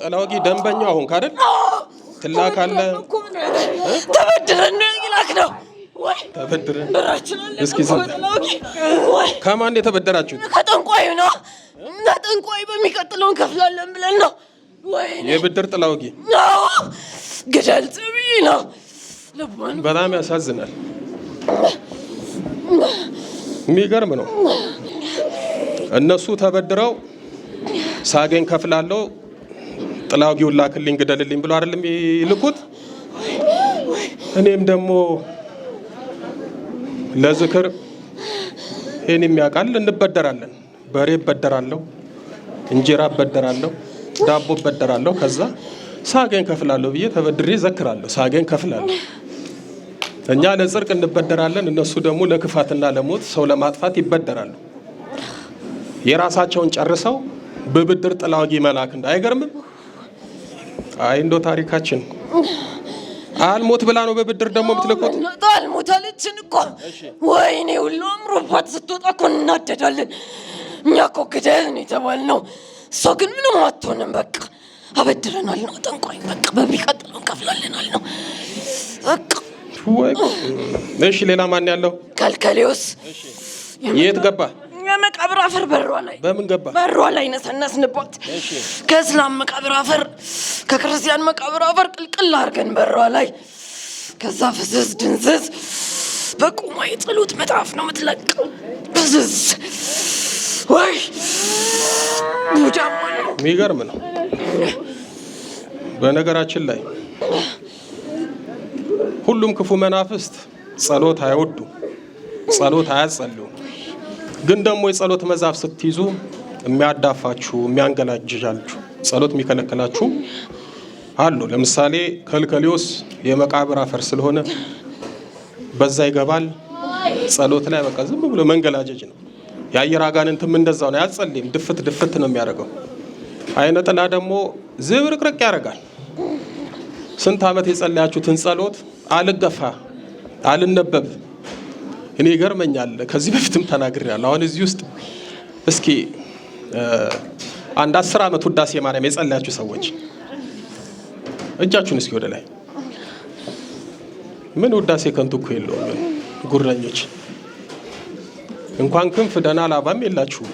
ጠላወጊ ደንበኛ አሁን ካደል ትላካለ ተበድረን ይላክ ነው ተበድረን እስኪ ከማን የተበደራችሁት? ከጠንቋይ ነው እና ጠንቋይ በሚቀጥለው እንከፍላለን ብለን ነው የብድር ጥላወጊ ግደል ጥብይ ነው። በጣም ያሳዝናል። የሚገርም ነው። እነሱ ተበድረው ሳገኝ ከፍላለው ጥላጊውን ላክልኝ ግደልልኝ ብሎ አይደለም ይልኩት። እኔም ደግሞ ለዝክር ይህን የሚያውቃል እንበደራለን። በሬ እበደራለሁ፣ እንጀራ እበደራለሁ፣ ዳቦ እበደራለሁ። ከዛ ሳገኝ ከፍላለሁ ብዬ ተበድሬ ዘክራለሁ። ሳገኝ ከፍላለሁ። እኛ ለጽድቅ እንበደራለን፣ እነሱ ደግሞ ለክፋትና ለሞት ሰው ለማጥፋት ይበደራሉ። የራሳቸውን ጨርሰው በብድር ጥላዋጊ መላክ አይገርምም? አይ እንዶ ታሪካችን አልሞት ብላ ነው በብድር ደግሞ የምትለቁት። አለችን እኮ ወይኔ ሁሉ አምሮባት ስትወጣ እኮ እናደዳለን። እኛ እኮ ግደል ነው የተባልነው። እሷ ግን ምንም አትሆንም። በቃ አበድረናል ነው ጠንቋይ። በቃ በሚቀጥለው እንከፍላለናል ነው በቃ። እሺ ሌላ ማን ያለው? ከልከሌውስ የት ገባ? ከመቃብር አፈር በሯ ላይ በምን ገባ? በሯ ላይ ነሰነስንባት። ከእስላም መቃብር አፈር፣ ከክርስቲያን መቃብር አፈር ቅልቅል አድርገን በሯ ላይ ከዛ ፍዝዝ ድንዝዝ በቁሟ የጸሎት መጣፍ ነው የምትለቀው። ፍዝዝ ወይ ቡጃማ ነው። የሚገርም ነው። በነገራችን ላይ ሁሉም ክፉ መናፍስት ጸሎት አይወዱም፣ ጸሎት አያጸልዩም። ግን ደግሞ የጸሎት መጽሐፍ ስትይዙ የሚያዳፋችሁ የሚያንገላጅዣችሁ ጸሎት የሚከለክላችሁ አሉ። ለምሳሌ ከልከሊዮስ የመቃብር አፈር ስለሆነ በዛ ይገባል። ጸሎት ላይ በቃ ዝም ብሎ መንገላጀጅ ነው። የአየር አጋንንትም እንደዛው ነው። አያጸልም፣ ድፍት ድፍት ነው የሚያደርገው። አይነ ጥላ ደግሞ ዝብርቅርቅ ያደርጋል። ስንት ዓመት የጸለያችሁትን ጸሎት አልገፋ አልነበብ እኔ ይገርመኛል። ከዚህ በፊትም ተናግሬያለሁ። አሁን እዚህ ውስጥ እስኪ አንድ አስር ዓመት ውዳሴ ማርያም የጸለያችሁ ሰዎች እጃችሁን እስኪ ወደ ላይ። ምን ውዳሴ ከንቱ እኮ የለውም። ጉረኞች እንኳን ክንፍ ደህና ላባም የላችሁ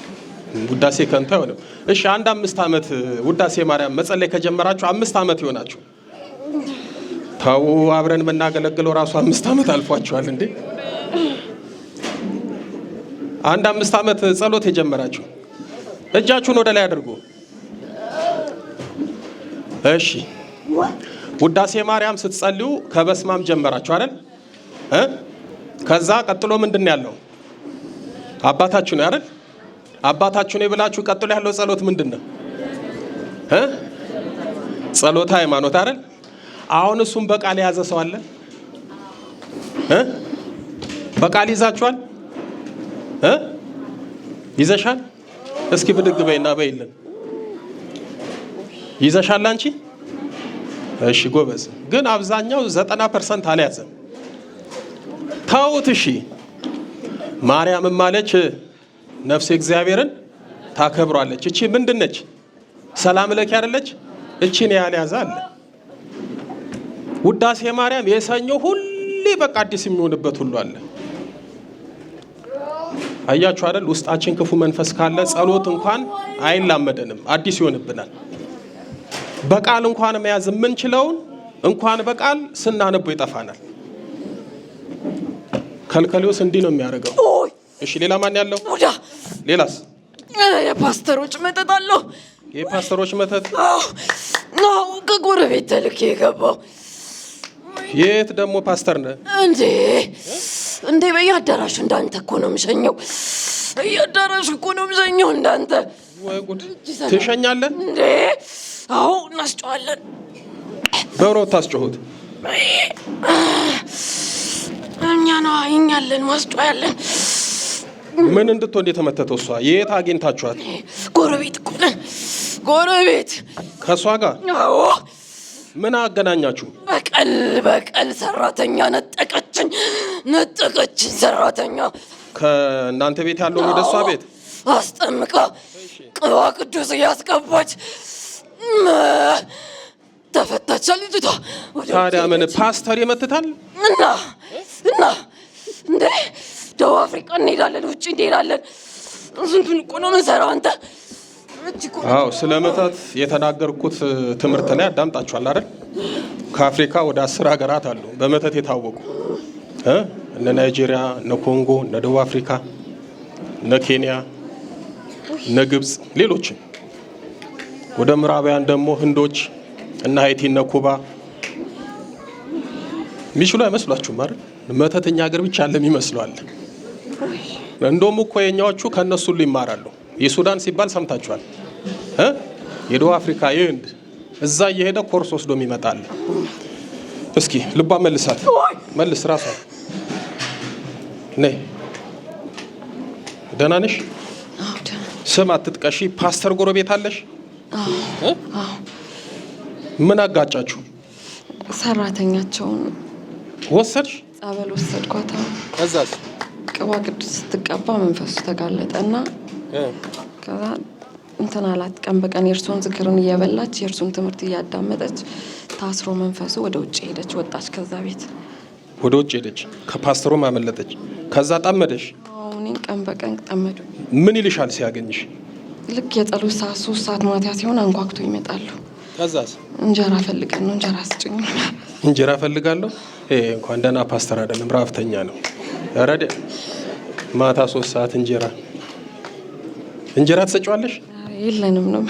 ውዳሴ ከንቱ አይሆንም። እሺ አንድ አምስት ዓመት ውዳሴ ማርያም መጸለይ ከጀመራችሁ አምስት ዓመት ይሆናችሁ። ተው አብረን የምናገለግለው ራሱ አምስት ዓመት አልፏችኋል እንዴ! አንድ አምስት ዓመት ጸሎት የጀመራችሁ እጃችሁን ወደ ላይ አድርጉ። እሺ፣ ውዳሴ ማርያም ስትጸልዩ ከበስማም ጀመራችሁ አይደል? ከዛ ቀጥሎ ምንድን ነው ያለው? አባታችሁ ነው አይደል? አባታችሁ ነው ብላችሁ ቀጥሎ ያለው ጸሎት ምንድን ነው? ጸሎት ሃይማኖት አይደል? አሁን እሱም በቃል የያዘ ሰው አለ? በቃል ይዛችኋል? ይዘሻል? እስኪ ብድግ በይና በይልን። ይዘሻል አንቺ? እሺ ጎበዝ። ግን አብዛኛው ዘጠና ፐርሰንት አልያዘም። ተውት። እሺ ማርያምም አለች ነፍሴ እግዚአብሔርን ታከብሯለች። እቺ ምንድን ነች? ሰላም ለኪ አይደለች? እቺን ያልያዘ አለ። ውዳሴ ማርያም የሰኞ ሁሌ በቃ አዲስ የሚሆንበት ሁሉ አለ። አያችሁ አይደል? ውስጣችን ክፉ መንፈስ ካለ ጸሎት እንኳን አይላመደንም፣ አዲስ ይሆንብናል። በቃል እንኳን መያዝ የምንችለውን እንኳን በቃል ስናነቦ ይጠፋናል። ከልከሌውስ እንዲህ ነው የሚያደርገው። እሺ፣ ሌላ ማን ያለው? ሌላስ? የፓስተሮች መጠጥ አለው። የፓስተሮች መጠጥ ከጎረቤት ተልክ የገባው። የት ደግሞ ፓስተር ነህ እንዴ? እንዴ በየአዳራሹ እንዳንተ እኮ ነው የምሸኘው። በየአዳራሹ እኮ ነው የምሸኘው እንዳንተ። ትሸኛለን እንዴ? አዎ፣ እናስጨዋለን። በሮ ታስጨሁት እኛ ነው ይኛለን ማስጮህ ያለን ምን እንድትሆን የተመተተው? እሷ የት አግኝታችኋት? ጎረቤት እኮ ነን። ጎረቤት ከእሷ ጋር ምን አገናኛችሁ? ቀል በቀል ሰራተኛ ነጠቀችኝ፣ ነጠቀችኝ። ሰራተኛ ከእናንተ ቤት ያለውን ወደ እሷ ቤት አስጠምቃ ቅባ ቅዱስ እያስገባች ተፈታች ልጅቷ። ታዲያ ምን ፓስተር ይመትታል እና እና እንደ ደቡብ አፍሪቃ እንሄዳለን፣ ውጭ እንሄዳለን። ስንቱን እኮ ነው የምንሰራው አንተ አዎ ስለ መተት የተናገርኩት ትምህርት ላይ አዳምጣችኋል አይደል? ከአፍሪካ ወደ አስር ሀገራት አሉ በመተት የታወቁ እነ ናይጄሪያ፣ እነ ኮንጎ፣ እነ ደቡብ አፍሪካ፣ እነ ኬንያ፣ እነ ግብፅ፣ ሌሎችም ወደ ምዕራባውያን ደግሞ ህንዶች እነ ሀይቲ እነ ኩባ የሚችሉ አይመስሏችሁም አይደል? መተተኛ ሀገር ብቻ አለም ይመስለዋል። እንደውም እኮ የኛዎቹ ከእነሱ ሁሉ ይማራሉ። የሱዳን ሲባል ሰምታችኋል። የደቡብ አፍሪካ የህንድ እዛ እየሄደ ኮርስ ወስዶ የሚመጣል እስኪ ልባ መልሳት መልስ። ራሷ ነይ። ደህና ነሽ? ስም አትጥቀሺ። ፓስተር ጎረቤት አለሽ? ምን አጋጫችሁ? ሰራተኛቸውን ወሰድሽ? ጸበል ወሰድኳታ። ከዛ ቅባ ቅዱስ ስትቀባ መንፈሱ ተጋለጠና ከዛ እንትን አላት። ቀን በቀን የእርሱን ዝክርን እየበላች የእርሱን ትምህርት እያዳመጠች ታስሮ መንፈሱ ወደ ውጭ ሄደች፣ ወጣች። ከዛ ቤት ወደ ውጭ ሄደች፣ ከፓስተሩም አመለጠች። ከዛ ጠመደሽ። እኔን ቀን በቀን ጠመዱ። ምን ይልሻል ሲያገኝሽ? ልክ የጸሎት ሰዓት ሶስት ሰዓት ማታ ሲሆን አንኳኩቶ ይመጣሉ። ከዛስ እንጀራ ፈልገን ነው እንጀራ ስጭኝ፣ እንጀራ ፈልጋለሁ። እንኳን ደህና ፓስተር አይደለም ራፍተኛ ነው። ማታ ሶስት ሰዓት እንጀራ እንጀራ ትሰጫዋለሽ? የለንም ነው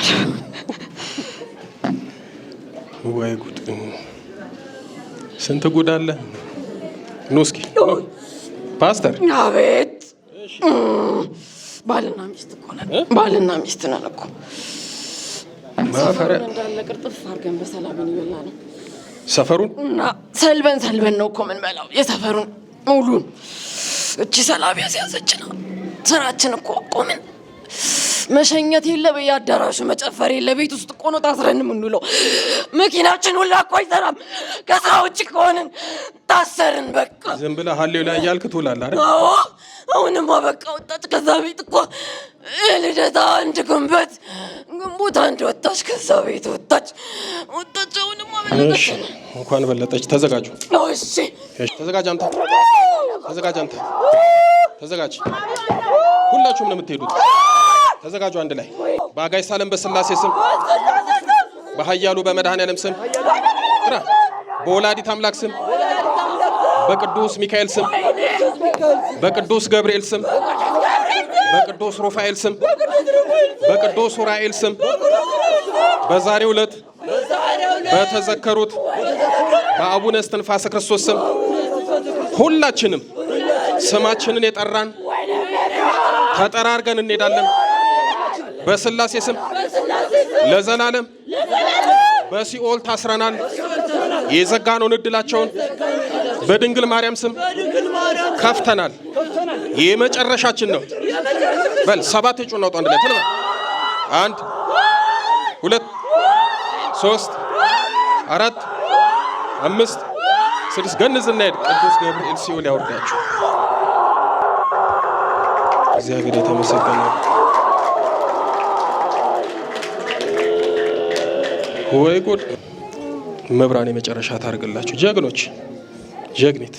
ወይ ጉድ! ስንት ጉድ አለ። ኑ እስኪ ፓስተር። አቤት! ባልና ሚስት እኮ ነን፣ ባልና ሚስት ነን እኮ ማፈረ እንዳለ ቅርጥፍ አድርገን በሰላም እንበላ ነው። ሰፈሩን እና ሰልበን ሰልበን ነው እኮ ምን በላው የሰፈሩን ሙሉን። እቺ ሰላም ነው ስራችን እኮ ቆምን። መሸኘት የለ በየአዳራሹ መጨፈር የለ ቤት ውስጥ እኮ ነው ታስረን የምንውለው። መኪናችን ሁላ እኮ አይሰራም። ከስራ ውጭ ከሆንን ታሰርን። በቃ ዝም ብለህ ሀሌሉ ላይ እያልክ ትውላለህ አይደል? አዎ። አሁንማ በቃ ወጣች። ከዛ ቤት እኮ ልደታ አንድ ግንበት ግንቦት አንድ ወጣች። ከዛ ቤት ወጣች ወጣች። አሁንማ በለጠች። እንኳን በለጠች። ተዘጋጁ። እሺ፣ ተዘጋጅ አንተ፣ ተዘጋጅ አንተ፣ ተዘጋጅ። ሁላችሁም ነው የምትሄዱት። ተዘጋጁ። አንድ ላይ በአጋዕዝተ ሳለም በስላሴ ስም በኃያሉ በመድኃኔ ዓለም ስም በወላዲት አምላክ ስም በቅዱስ ሚካኤል ስም በቅዱስ ገብርኤል ስም በቅዱስ ሩፋኤል ስም በቅዱስ ኡራኤል ስም በዛሬው ዕለት በተዘከሩት በአቡነ እስትንፋሰ ክርስቶስ ስም ሁላችንም ስማችንን የጠራን ተጠራርገን እንሄዳለን። በስላሴ ስም ለዘላለም በሲኦል ታስረናል። የዘጋነውን እድላቸውን በድንግል ማርያም ስም ከፍተናል። የመጨረሻችን ነው። በል ሰባት የጩ እናውጡ። አንድ ላይ አንድ ሁለት ሶስት አራት አምስት ስድስት ገንዝ እናሄድ። ቅዱስ ገብርኤል ሲኦል ያወርዳችሁ። እግዚአብሔር የተመሰገነ ወይ ጉድ! መብራን የመጨረሻ ታርግላችሁ ጀግኖች ጀግኒት